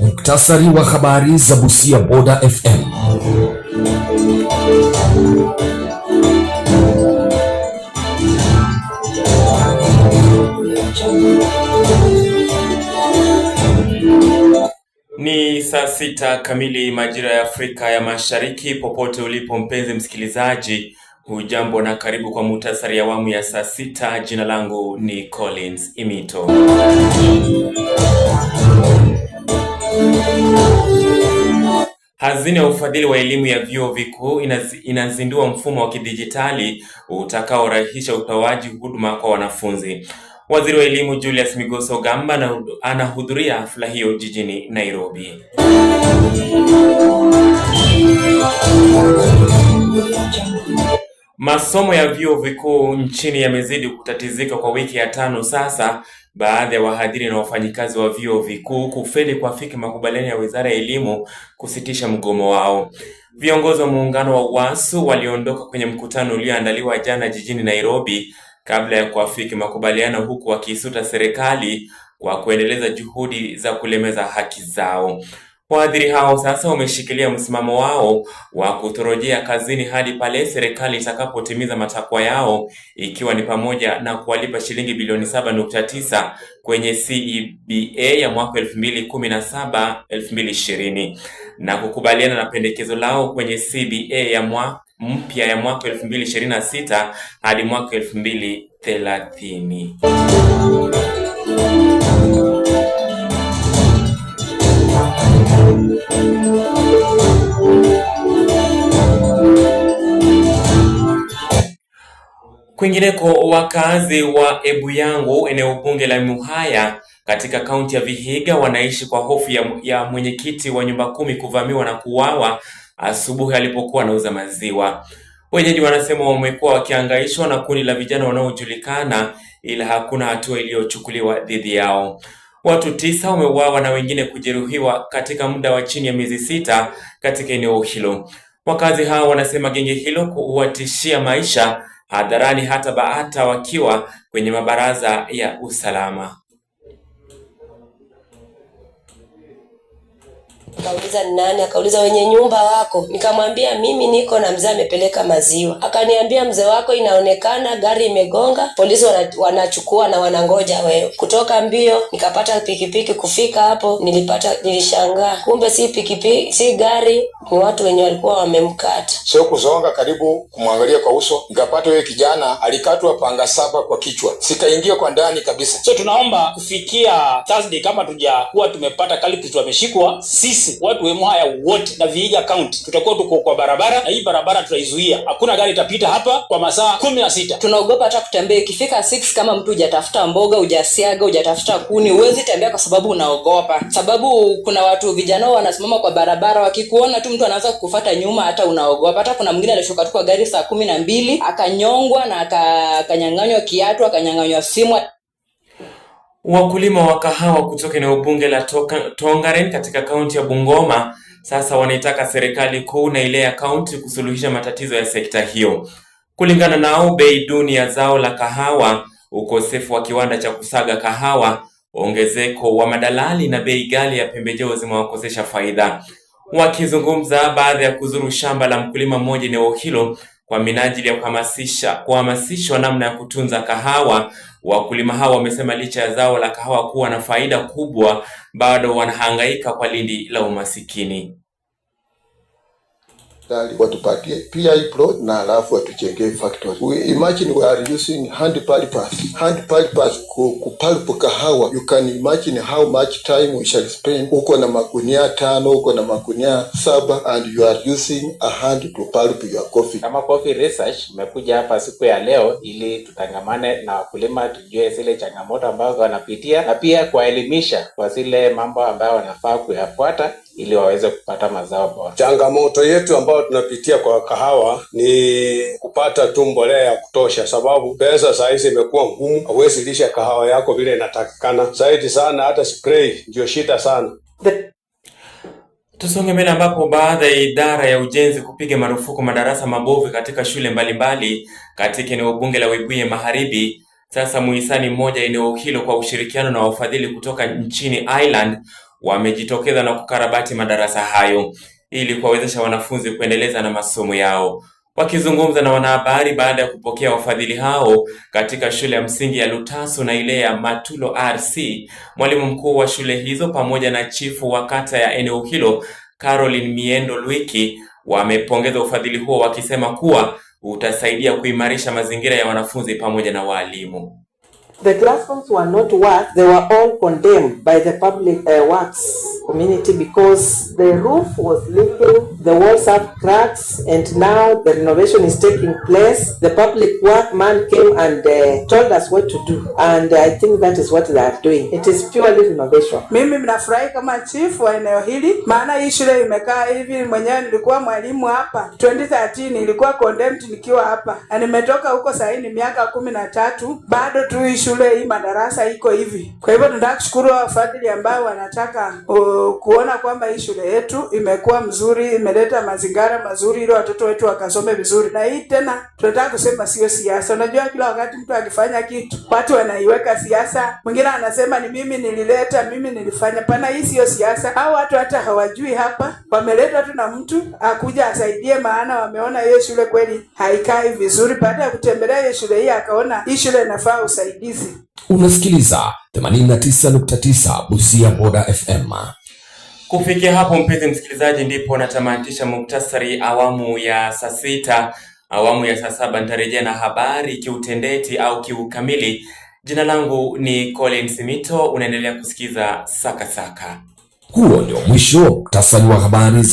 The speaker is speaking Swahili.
Muktasari wa habari za Busia Boda FM. Ni saa sita kamili majira ya Afrika ya Mashariki. Popote ulipo mpenzi msikilizaji Hujambo na karibu kwa muhtasari ya awamu ya saa sita. Jina langu ni Collins Imito. Hazina ya ufadhili wa elimu ya vyuo vikuu inazindua mfumo wa kidijitali utakaorahisisha utoaji huduma kwa wanafunzi. Waziri wa elimu Julius Migoso Gamba anahudhuria hafla hiyo jijini Nairobi. Masomo ya vyuo vikuu nchini yamezidi kutatizika kwa wiki ya tano sasa, baadhi ya wahadhiri na wafanyikazi wa vyuo vikuu kufeli kuafiki makubaliano ya Wizara ya Elimu kusitisha mgomo wao. Viongozi wa muungano wa UASU waliondoka kwenye mkutano ulioandaliwa jana jijini Nairobi kabla ya kuafiki makubaliano, huku wakiisuta serikali kwa kuendeleza juhudi za kulemeza haki zao. Waadhiri hao sasa wameshikilia msimamo wao wa kutorejea kazini hadi pale serikali itakapotimiza matakwa yao ikiwa ni pamoja na kuwalipa shilingi bilioni saba nukta tisa kwenye CEBA ya mwaka 2017 2020 na kukubaliana na pendekezo lao kwenye CBA ya mwaka mpya ya mwaka 2026 hadi mwaka 2030. Kwingineko, wakazi wa Ebuyangu, eneo bunge la Muhaya katika kaunti ya Vihiga, wanaishi kwa hofu ya, ya mwenyekiti wa nyumba kumi kuvamiwa na kuuawa asubuhi alipokuwa anauza maziwa. Wenyeji wanasema wamekuwa wakihangaishwa na kundi la vijana wanaojulikana, ila hakuna hatua iliyochukuliwa dhidi yao. Watu tisa wameuawa na wengine kujeruhiwa katika muda wa chini ya miezi sita katika eneo hilo. Wakazi hao wanasema genge hilo kuwatishia maisha hadharani hata baata wakiwa kwenye mabaraza ya usalama. Akauliza ni nani? Akauliza wenye nyumba wako. Nikamwambia mimi niko na mzee amepeleka maziwa. Akaniambia mzee wako, inaonekana gari imegonga, polisi wanachukua na wanangoja wewe. Kutoka mbio nikapata pikipiki, kufika hapo nilipata, nilishangaa kumbe si pikipiki, si gari, ni watu wenye walikuwa wamemkata. Sio kuzonga, karibu kumwangalia kwa uso, nikapata yule kijana alikatwa panga saba kwa kichwa, sikaingia kwa ndani kabisa. So tunaomba kufikia Thursday, kama tujakuwa tumepata kalipi, tumeshikwa sisi watu wemo haya wote na viiga County tutakuwa tuko kwa barabara, na hii barabara tutaizuia, hakuna gari itapita hapa kwa masaa kumi na sita. Tunaogopa hata kutembea, ikifika 6 kama mtu hujatafuta mboga, hujasiaga, hujatafuta kuni, huwezi tembea kwa sababu unaogopa, sababu kuna watu vijana wanasimama kwa barabara, wakikuona tu mtu anaweza kukufata nyuma, hata unaogopa. Hata kuna mwingine alishuka tu kwa gari saa kumi na mbili akanyongwa na akanyang'anywa kiatu, akanyang'anywa simu. Wakulima wa kahawa kutoka eneo bunge la Tongaren katika kaunti ya Bungoma sasa wanaitaka serikali kuu na ile ya kaunti kusuluhisha matatizo ya sekta hiyo. Kulingana nao, bei duni ya zao la kahawa, ukosefu wa kiwanda cha kusaga kahawa, ongezeko wa madalali na bei ghali ya pembejeo zimewakosesha faida. Wakizungumza baada ya kuzuru shamba la mkulima mmoja eneo hilo kwa minajili ya kuhamasisha kuhamasishwa namna ya kutunza kahawa. Wakulima hao wamesema licha ya zao la kahawa kuwa na faida kubwa, bado wanahangaika kwa lindi la umasikini hospitali watupatie pia plot na alafu watuchengee factory. We imagine we are using hand pulpers. Hand pulpers kupulp kahawa. You can imagine how much time we shall spend. Uko na magunia tano, uko na magunia saba and you are using a hand to pulp your coffee. Kama Coffee Research umekuja hapa siku ya leo ili tutangamane na wakulima tujue zile changamoto ambazo wanapitia na pia kuwaelimisha kwa zile mambo ambayo wanafaa kuyafuata ili waweze kupata mazao bora. Changamoto yetu ambayo tunapitia kwa kahawa ni kupata tu mbolea ya kutosha, sababu pesa saa hizi imekuwa ngumu, hauwezi lisha kahawa yako vile inatakikana zaidi sana, hata spray ndio shida sana. Tusonge mbele ambapo baadhi ya idara ya ujenzi kupiga marufuku madarasa mabovu katika shule mbalimbali katika eneo bunge la Webuye Magharibi. Sasa muhisani mmoja eneo hilo kwa ushirikiano na wafadhili kutoka nchini Ireland wamejitokeza na kukarabati madarasa hayo ili kuwawezesha wanafunzi kuendeleza na masomo yao. Wakizungumza na wanahabari baada ya kupokea wafadhili hao katika shule ya msingi ya Lutaso na ile ya Matulo RC, mwalimu mkuu wa shule hizo pamoja na chifu wa kata ya eneo hilo Caroline Miendo Lwiki wamepongeza ufadhili huo wakisema kuwa utasaidia kuimarisha mazingira ya wanafunzi pamoja na walimu. The classrooms were not worked. They were all condemned by the public uh, works community because the roof was leaking the walls have cracks and now the renovation is taking place the public work man came and uh, told us what to do and uh, i think that is what they are doing it is purely renovation mimi mnafurahi kama chief wa eneo hili maana hii shule imekaa hivi mwenyewe nilikuwa mwalimu hapa 2013 nilikuwa condemned nikiwa hapa na nimetoka huko sahii ni miaka kumi na tatu bado tu hii shule hii madarasa iko hivi kwa hivyo tunataka kushukuru wafadhili ambao wanataka uh, kuona kwamba hii shule yetu imekuwa mzuri ime tumeleta mazingira mazuri ili watoto wetu wakasome vizuri. Na hii tena tunataka kusema sio siasa. Unajua, kila wakati mtu akifanya kitu watu wanaiweka siasa, mwingine anasema ni mimi nilileta, mimi nilifanya. Pana, hii siyo siasa. au watu hata hawajui hapa, wameletwa tu na mtu akuja asaidie, maana wameona hiyo shule kweli haikai vizuri. Baada ya kutembelea hiyo shule hii, akaona hii shule inafaa usaidizi. Unasikiliza 89.9 Busia Boda FM. Kufikia hapo, mpenzi msikilizaji, ndipo natamatisha muktasari awamu ya saa sita. Awamu ya saa saba nitarejea na habari kiutendeti au kiukamili. Jina langu ni Colin Simito, unaendelea kusikiza Sakasaka. Huo ndio mwisho muktasari wa habari za